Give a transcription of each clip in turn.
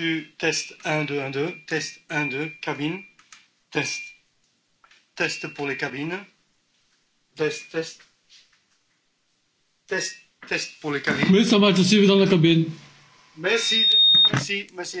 tu test 1, 2, 1, 2, test 1, 2, cabine, test. Test pour les cabines. Test, test. Test, test pour les cabines. Oui, ça marche, je suis dans la cabine. Merci, merci, merci.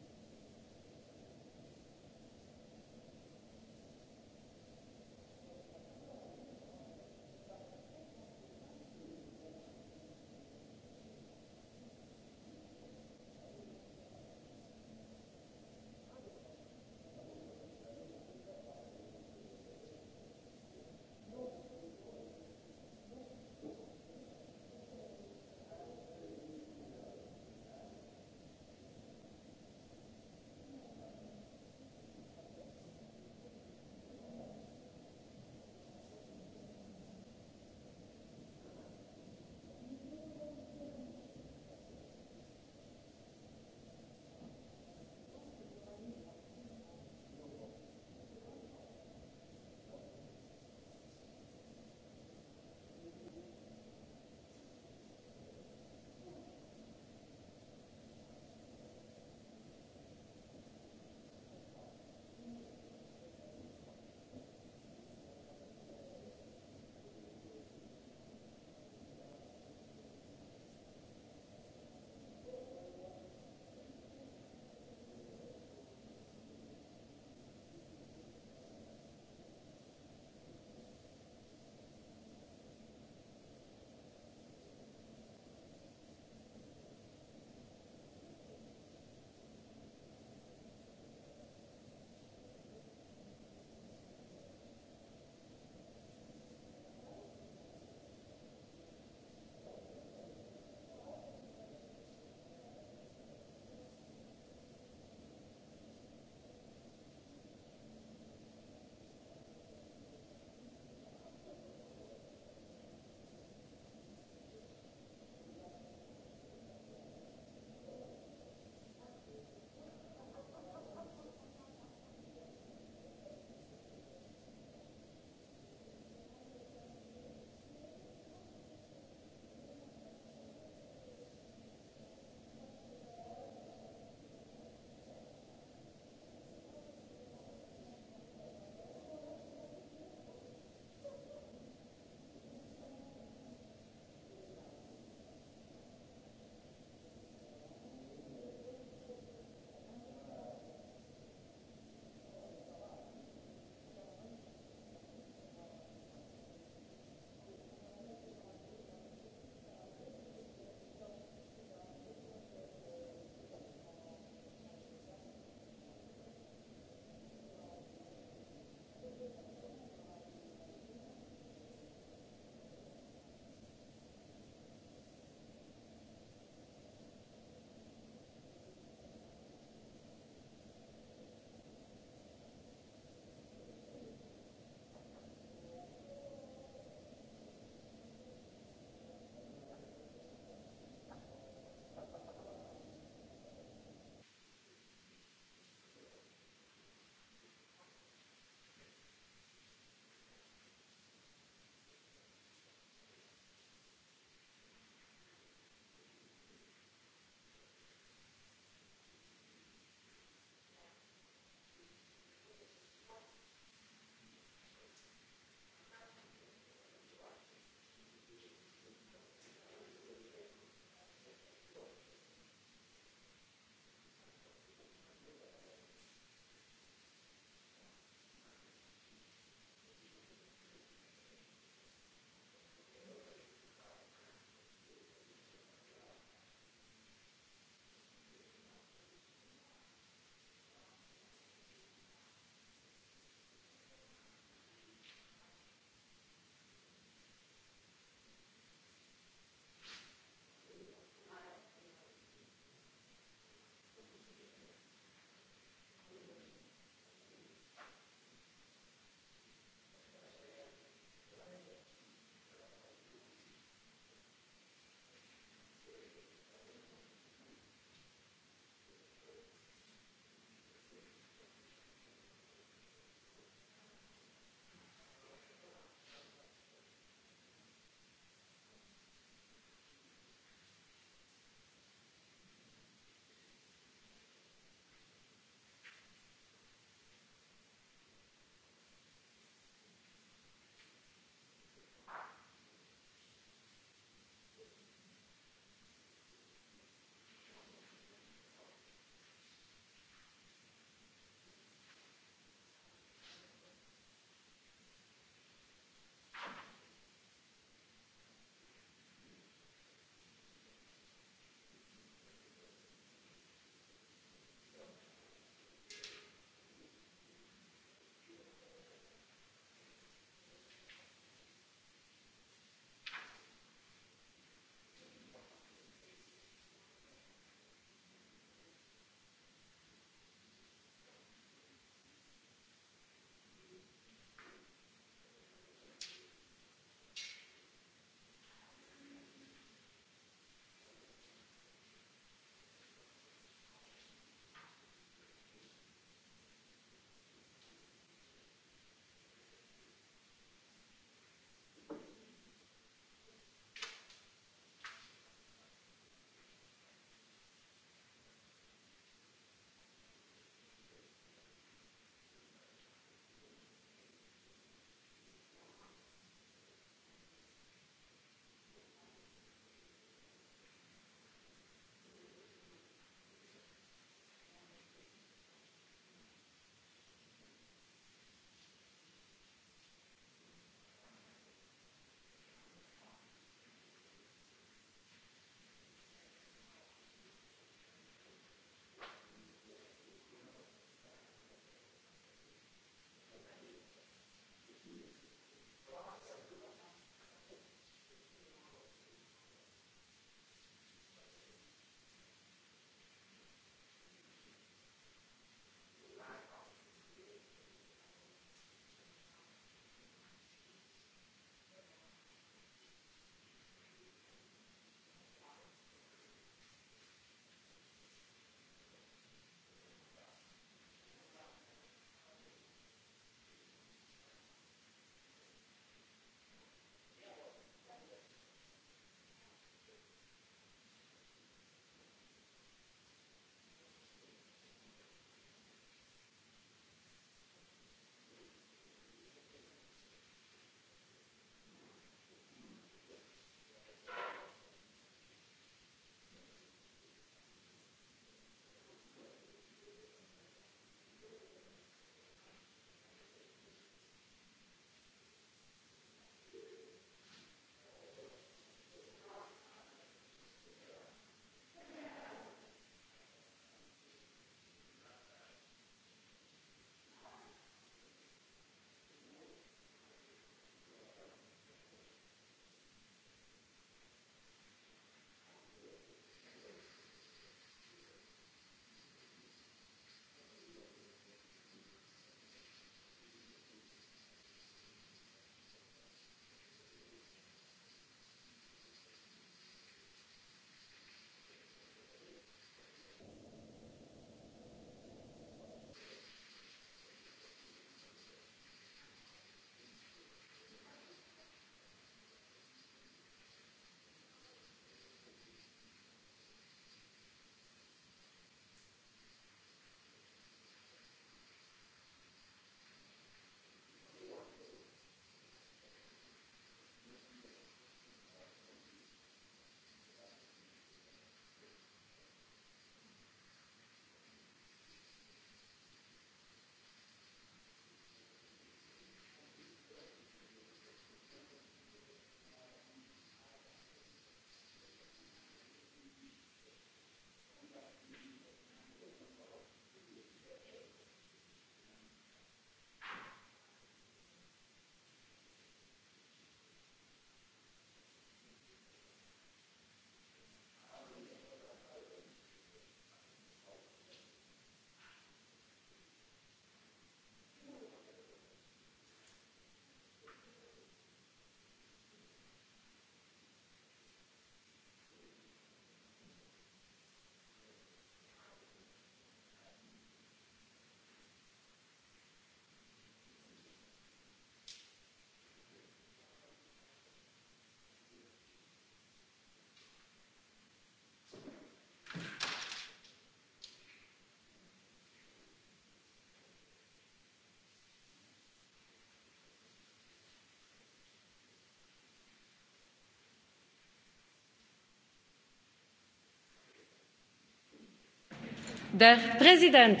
der präsident!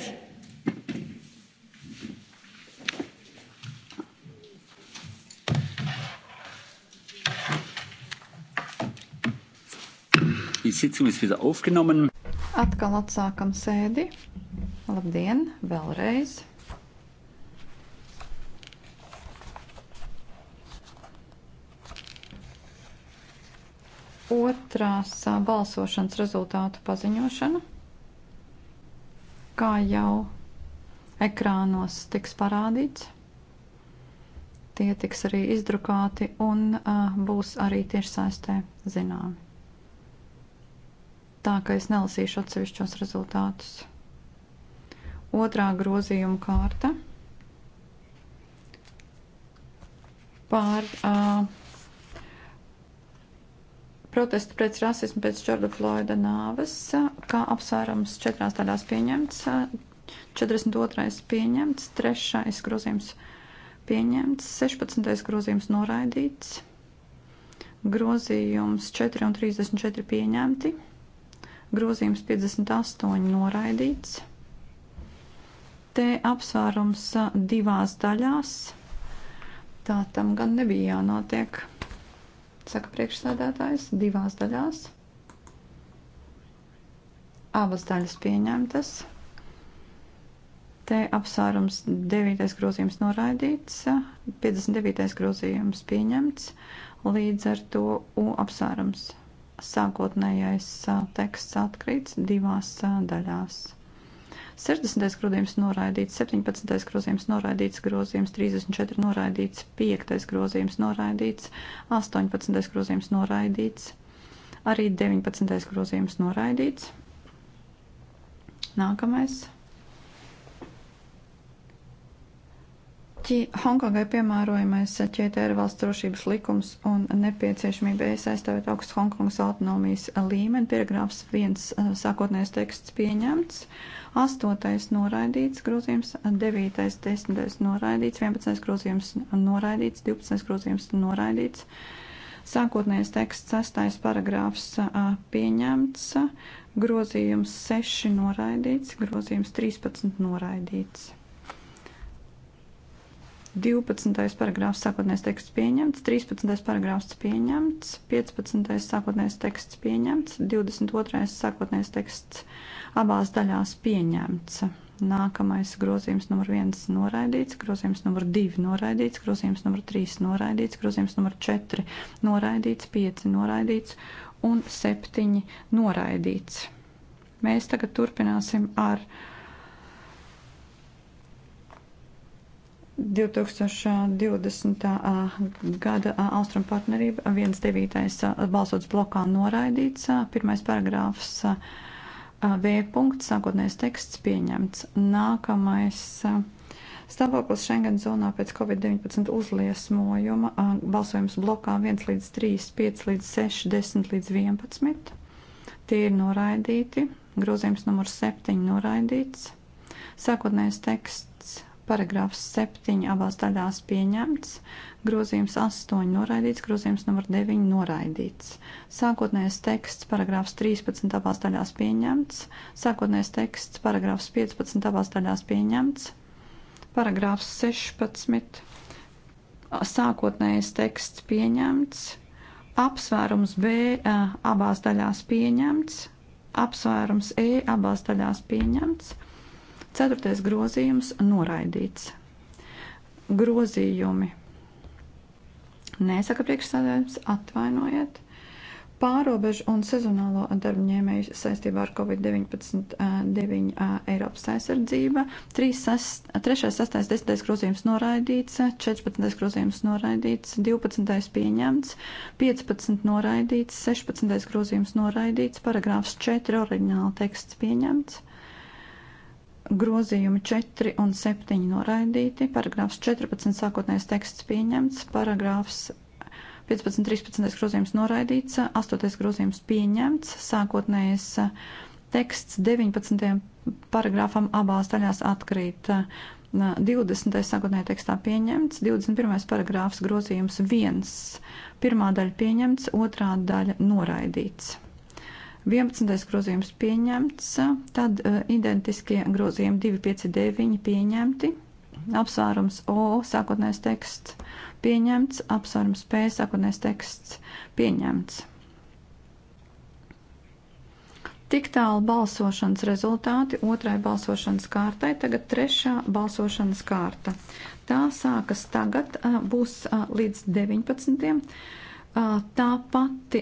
Atkal atsākam sēdi. Labdien, vēlreiz! Otrās balsošanas rezultātu paziņošana kā jau ekrānos tiks parādīts. Tie tiks arī izdrukāti un uh, būs arī tiešsaistē zināmi. Tā ka es nelasīšu atsevišķos rezultātus. Otrā grozījuma kārta pār uh, eh, protestu pret rasismu pēc Džorda Floida nāves, kā apsvērums četrās daļās pieņemts, 42. pieņemts, 3. grozījums pieņemts, 16. grozījums noraidīts, grozījums 4 un 34 pieņemti, grozījums 58 noraidīts. Te apsvērums divās daļās. Tā tam gan nebija jānotiek saka priekšsēdētājs, divās daļās. Abas daļas pieņemtas. Te apsvērums 9. grozījums noraidīts, 59. grozījums pieņemts, līdz ar to U apsvērums sākotnējais teksts atkrīts divās daļās. 60. grozījums noraidīts, 17. grozījums noraidīts, grozījums 34 noraidīts, 5. grozījums noraidīts, 18. grozījums noraidīts, arī 19. grozījums noraidīts. Nākamais Hongkongai piemērojamais ķētēra valsts drošības likums un nepieciešamība es aizstāvēt augstu Hongkongas autonomijas līmeni. Paragrāfs viens eh, sākotnējais teksts pieņemts, astotais noraidīts grozījums, devītais, desmitais noraidīts, vienpadsmitais grozījums noraidīts, divpadsmitais grozījums noraidīts. Sākotnējais teksts, sastais paragrāfs eh, pieņemts, grozījums seši noraidīts, grozījums trīspadsmit noraidīts. 12. paragrāfs sākotnējais teksts pieņemts, 13. paragrāfs pieņemts, 15. sākotnējais teksts pieņemts, 22. sākotnējais teksts abās daļās pieņemts. Nākamais grozījums numur 1 noraidīts, grozījums numur 2 noraidīts, grozījums numur 3 noraidīts, grozījums numur 4 noraidīts, 5 noraidīts un 7 noraidīts. Mēs tagad turpināsim ar uh, 2020. gada Austrum partnerība 1.9. balsots blokā noraidīts, pirmais paragrāfs V punkts, sākotnējais teksts pieņemts. Nākamais stāvoklis Schengen zonā pēc Covid-19 uzliesmojuma, balsojums blokā 1 līdz 3, 5 līdz 6, 10 līdz 11. Tie ir noraidīti, grozījums numurs 7 noraidīts, sākotnējais teksts Paragrāfs 7 abās daļās pieņemts, grozījums 8 noraidīts, grozījums numur 9 noraidīts. Sākotnējais teksts paragrāfs 13 abās daļās pieņemts, sākotnējais teksts paragrāfs 15 abās daļās pieņemts, paragrāfs 16 sākotnējais teksts pieņemts, apsvērums B abās daļās pieņemts, apsvērums E abās daļās pieņemts Ceturtais grozījums noraidīts. Grozījumi. Nesaka priekšsēdājums, atvainojiet. Pārobežu un sezonālo darbņēmēju saistībā ar Covid-19 9 Eiropas aizsardzība. 3, 6, 3, 6, 10 grozījums noraidīts, 14 grozījums noraidīts, 12 pieņemts, 15 noraidīts, 16 grozījums noraidīts, paragrāfs 4 oriģināla teksts pieņemts. Grozījumi 4 un 7 noraidīti, paragrāfs 14 sākotnējais teksts pieņemts, paragrāfs 15, 13 grozījums noraidīts, 8 grozījums pieņemts, sākotnējais teksts 19. paragrāfam abās daļās atkrīt. 20. sākotnējā tekstā pieņemts, 21. paragrāfs grozījums 1, pirmā daļa pieņemts, otrā daļa noraidīts. 11. grozījums pieņemts, tad uh, identiskie grozījumi 259 pieņemti, apsvērums O sākotnēs teksts pieņemts, apsvērums P sākotnēs teksts pieņemts. Tik tālu balsošanas rezultāti otrai balsošanas kārtai, tagad trešā balsošanas kārta. Tā sākas tagad, uh, būs uh, līdz 19. Tā pati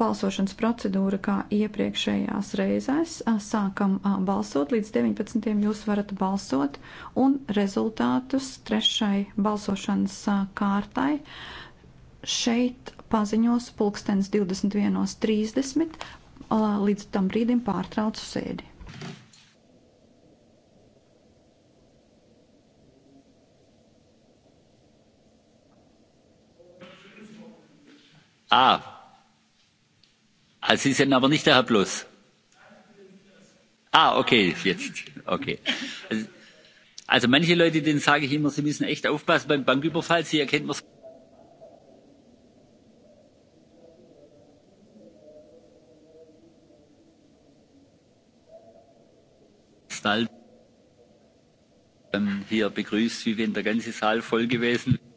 balsošanas procedūra kā iepriekšējās reizēs. Sākam balsot, līdz 19. jūs varat balsot un rezultātus trešai balsošanas kārtai šeit paziņos pulkstens 21.30. Līdz tam brīdim pārtraucu sēdi. Ah. ah, Sie sind aber nicht der Herr Plus. Ah, okay, jetzt. Okay. Also, also manche Leute, denen sage ich immer, sie müssen echt aufpassen beim Banküberfall. Sie erkennt man Stall ähm, hier begrüßt, wie wenn der ganze Saal voll gewesen wäre.